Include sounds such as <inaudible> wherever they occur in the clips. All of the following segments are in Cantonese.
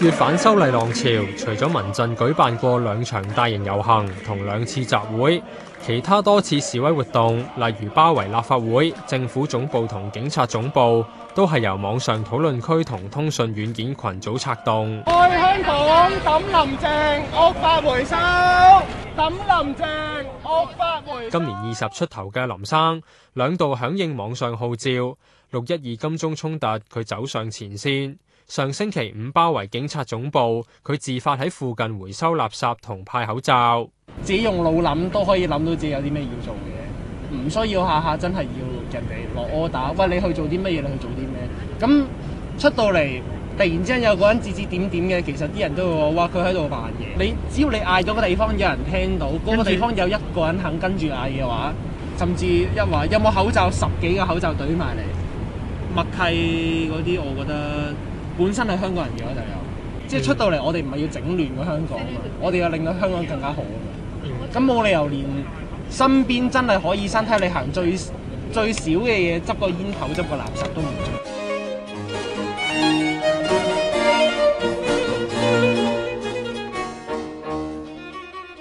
越反修例浪潮，除咗民陣舉辦過兩場大型遊行同兩次集會，其他多次示威活動，例如包圍立法會、政府總部同警察總部，都係由網上討論區同通訊軟件群組策動。愛香港，抌林鄭，惡法回收，抌林鄭，惡法回收。今年二十出頭嘅林生，兩度響應網上號召，六一二金鐘衝突，佢走上前線。上星期五包圍警察總部，佢自發喺附近回收垃圾同派口罩。自己用腦諗都可以諗到自己有啲咩要做嘅，唔需要下下真係要人哋落 order。喂，你去做啲乜嘢？你去做啲咩？咁出到嚟，突然之間有個人指指點點嘅，其實啲人都會話：哇，佢喺度扮嘢。你只要你嗌咗個地方有人聽到，嗰個地方有一個人肯跟住嗌嘅話，甚至一話有冇口罩，十幾個口罩懟埋嚟，默契嗰啲，我覺得。本身係香港人嘅就有，即係出到嚟，我哋唔係要整亂個香港啊嘛，我哋要令到香港更加好。咁冇理由連身邊真係可以身體力行最最少嘅嘢，執個煙頭、執個垃圾都唔做。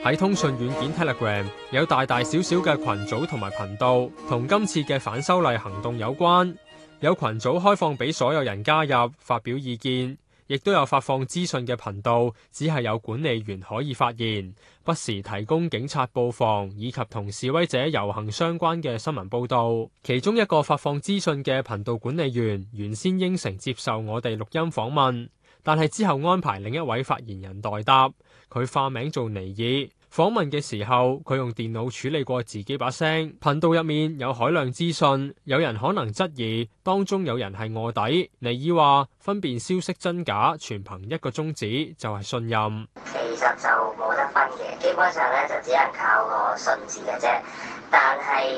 喺 <music> 通訊軟件 Telegram 有大大小小嘅群組同埋頻道，同今次嘅反修例行動有關。有群組開放俾所有人加入發表意見，亦都有發放資訊嘅頻道，只係有管理員可以發言，不時提供警察布防以及同示威者遊行相關嘅新聞報道。其中一個發放資訊嘅頻道管理員原先應承接受我哋錄音訪問，但係之後安排另一位發言人代答，佢化名做尼爾。訪問嘅時候，佢用電腦處理過自己把聲。頻道入面有海量資訊，有人可能質疑當中有人係臥底。尼爾話分辨消息真假全憑一個宗旨，就係信任。其實就冇得分嘅，基本上咧就只係靠個信字嘅啫。但係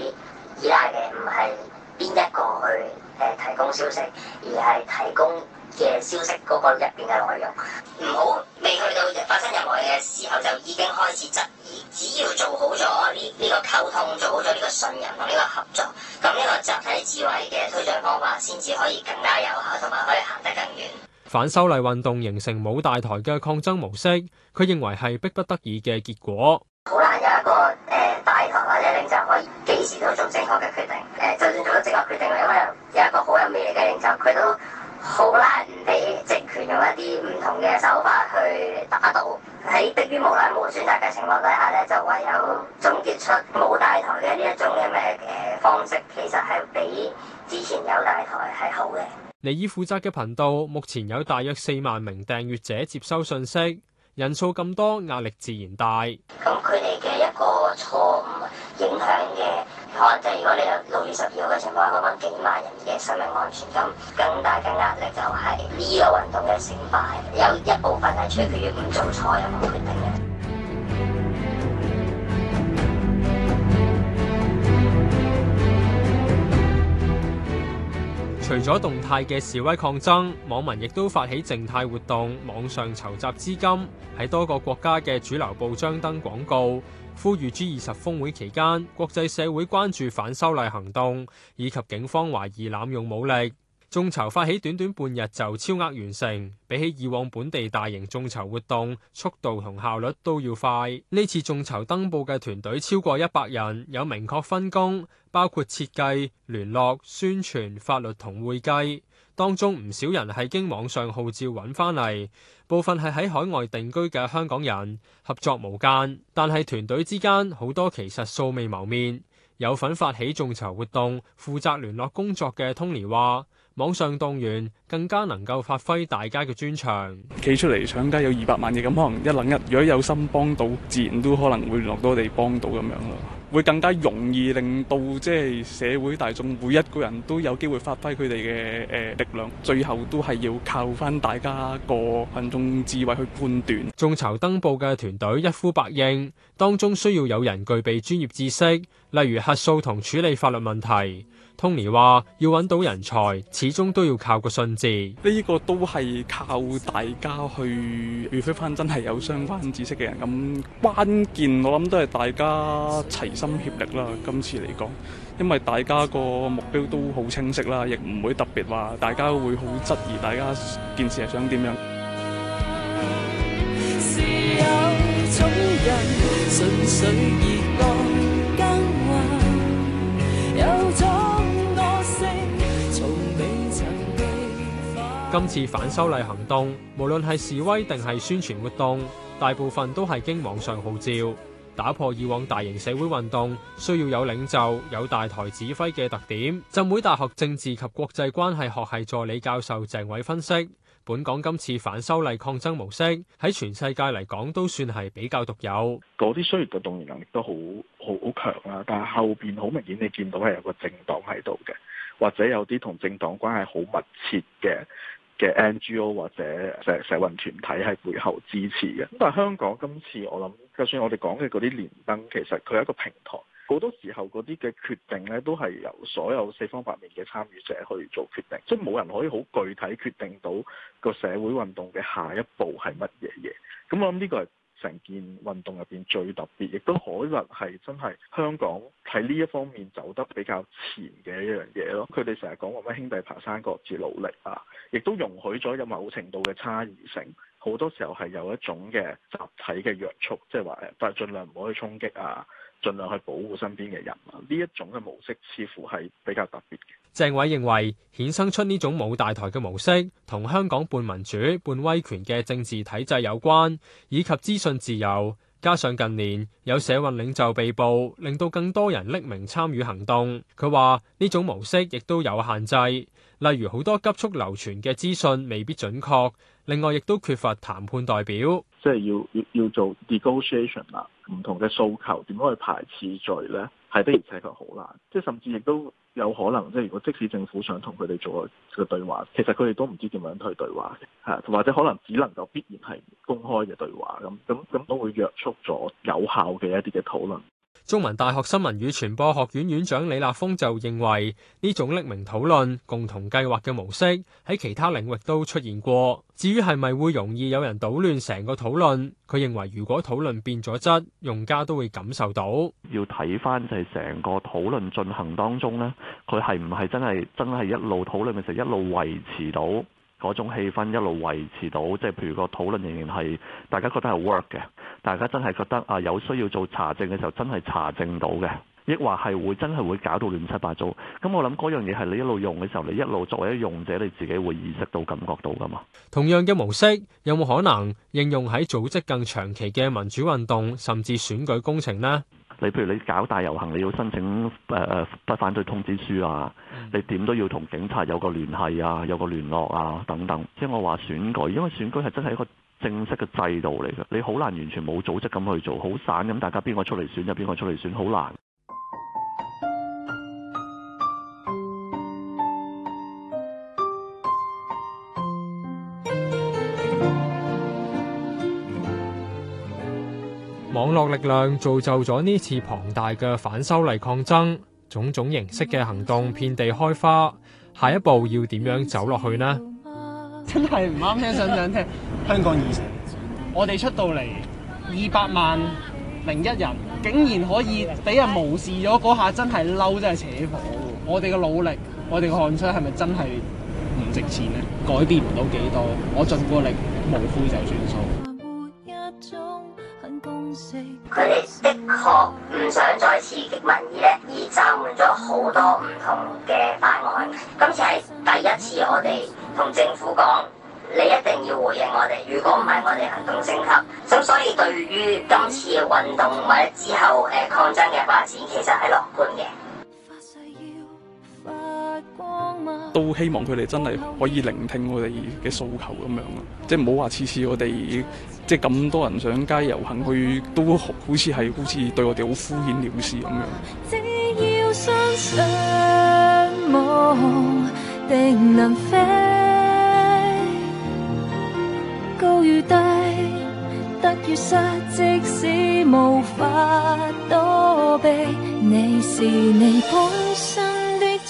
依賴嘅唔係邊一個去誒提供消息，而係提供。嘅消息嗰個入邊嘅內容，唔好未去到發生任何嘢嘅時候就已經開始質疑。只要做好咗呢呢個溝通，做好咗呢個信任同呢個合作，咁呢個集體智慧嘅推進方法，先至可以更加有效，同埋可以行得更遠。反修例運動形成冇大台嘅抗爭模式，佢認為係逼不得已嘅結果。好難有一個誒、呃、大台或者領袖可以幾時都做正確嘅決定。誒、呃，就算做咗正確決定，因為有，有一個好有魅力嘅領袖，佢都，好難俾政權用一啲唔同嘅手法去打倒，喺逼於無奈冇選擇嘅情況底下咧，就唯有總結出冇大台嘅呢一種咁嘅嘅方式，其實係比之前有大台係好嘅。尼爾負責嘅頻道目前有大約四萬名訂閱者接收信息，人數咁多，壓力自然大。咁佢哋嘅一個錯誤影響嘅。可能即係如果你有六月十二號嘅情況，嗰班幾萬人嘅生命安全，咁更大嘅壓力就係呢個運動嘅成敗，有一部分係佢。要唔做錯有冇決定嘅。除咗動態嘅示威抗爭，網民亦都發起靜態活動，網上籌集資金，喺多個國家嘅主流報章登廣告，呼籲 G 20峰會期間國際社會關注反修例行動，以及警方懷疑濫用武力。眾籌發起短短半日就超額完成，比起以往本地大型眾籌活動，速度同效率都要快。呢次眾籌登報嘅團隊超過一百人，有明確分工，包括設計、聯絡、宣傳、法律同會計。當中唔少人係經網上號召揾翻嚟，部分係喺海外定居嘅香港人，合作無間。但係團隊之間好多其實素未謀面。有份發起眾籌活動、負責聯絡工作嘅 Tony 話。網上動員更加能夠發揮大家嘅專長，企出嚟搶街有二百萬嘅咁，可能一諗一，如果有心幫到，自然都可能會落到地幫到咁樣咯，會更加容易令到即係、就是、社會大眾每一個人都有機會發揮佢哋嘅誒力量。最後都係要靠返大家個群眾智慧去判斷。眾籌登報嘅團隊一呼百應，當中需要有人具備專業知識，例如核數同處理法律問題。Tony 話要揾到人才，始終都要靠個信字，呢個都係靠大家去，如非翻真係有相關知識嘅人。咁關鍵我諗都係大家齊心協力啦。今次嚟講，因為大家個目標都好清晰啦，亦唔會特別話大家會好質疑，大家件事係想點樣。 <music> <music> 今次反修例行動，無論係示威定係宣傳活動，大部分都係經網上號召，打破以往大型社會運動需要有領袖、有大台指揮嘅特點。浸會大學政治及國際關係學系助理教授鄭偉分析，本港今次反修例抗爭模式喺全世界嚟講都算係比較獨有。嗰啲雖然嘅動員能力都好好好強啦，但係後邊好明顯你見到係有個政黨喺度嘅，或者有啲同政黨關係好密切嘅，嘅 NGO 或者社社運團體係背後支持嘅。咁但係香港今次我諗，就算我哋講嘅嗰啲連登，其實佢係一個平台，好多時候嗰啲嘅決定呢，都係由所有四方八面嘅參與者去做決定，即係冇人可以好具體決定到個社會運動嘅下一步係乜嘢嘢。咁我諗呢個係，成件運動入邊最特別，亦都可能係真係香港喺呢一方面走得比較前嘅一樣嘢咯。佢哋成日講話咩兄弟爬山，各自努力啊，亦都容許咗有某程度嘅差異性。好多時候係有一種嘅集體嘅約束，即係話誒，但係盡量唔好去衝擊啊。盡量去保護身邊嘅人，呢一種嘅模式似乎係比較特別嘅。鄭偉認為衍生出呢種冇大台嘅模式，同香港半民主、半威權嘅政治體制有關，以及資訊自由。加上近年有社運領袖被捕，令到更多人匿名參與行動。佢話呢種模式亦都有限制，例如好多急速流傳嘅資訊未必準確，另外亦都缺乏談判代表。即係要要要做 negotiation 啦，唔同嘅訴求點樣去排次序咧，係的而且確好難。即係甚至亦都有可能，即係如果即使政府想同佢哋做個個對話，其實佢哋都唔知點樣去對話嘅，嚇或者可能只能夠必然係公開嘅對話咁，咁咁都會約束咗有效嘅一啲嘅討論。中文大學新聞與傳播學院院長李立峰就認為，呢種匿名討論共同計劃嘅模式喺其他領域都出現過。至於係咪會容易有人搗亂成個討論，佢認為如果討論變咗質，用家都會感受到。要睇翻就係成個討論進行當中咧，佢係唔係真係真係一路討論嘅時候一路維持到。嗰種氣氛一路維持到，即係譬如個討論仍然係大家覺得係 work 嘅，大家真係覺得啊有需要做查證嘅時候，真係查證到嘅，亦或係會真係會搞到亂七八糟。咁我諗嗰樣嘢係你一路用嘅時候，你一路作為一用者，你自己會意識到、感覺到㗎嘛。同樣嘅模式有冇可能應用喺組織更長期嘅民主運動，甚至選舉工程呢？你譬如你搞大遊行，你要申請誒誒不反對通知書啊，你點都要同警察有個聯繫啊，有個聯絡啊等等。即係我話選舉，因為選舉係真係一個正式嘅制度嚟嘅，你好難完全冇組織咁去做，好散咁，大家邊個出嚟選就邊個出嚟選，好難。網絡力量造就咗呢次龐大嘅反修例抗爭，種種形式嘅行動遍地開花。下一步要點樣走落去呢？真係唔啱聽，想唔想聽？ <laughs> 香港二，我哋出到嚟二百萬零一人，竟然可以俾人無視咗，嗰下真係嬲，真係扯火。我哋嘅努力，我哋嘅汗水，係咪真係唔值錢呢？改變唔到幾多，我盡過力，無悔就算數。佢哋的確唔想再刺激民意咧，而暫緩咗好多唔同嘅法案。今次係第一次我哋同政府講，你一定要回應我哋。如果唔係，我哋行動升級。咁所以對於今次嘅運動或者之後誒、呃、抗爭嘅發展，其實係樂觀嘅。都希望佢哋真係可以聆聽我哋嘅訴求咁樣咯，即係唔好話次次我哋即係咁多人上街遊行去，都好似係好似對我哋好敷衍了事咁樣。只要相信，定能飛高與低。得越即使無法躲避，你是你本身。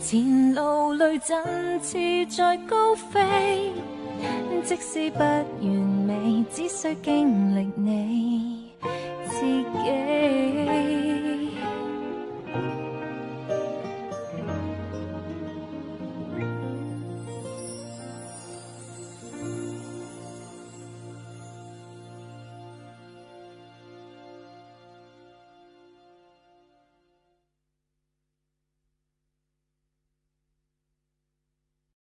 前路裡，振翅再高飛，即使不完美，只需經歷你自己。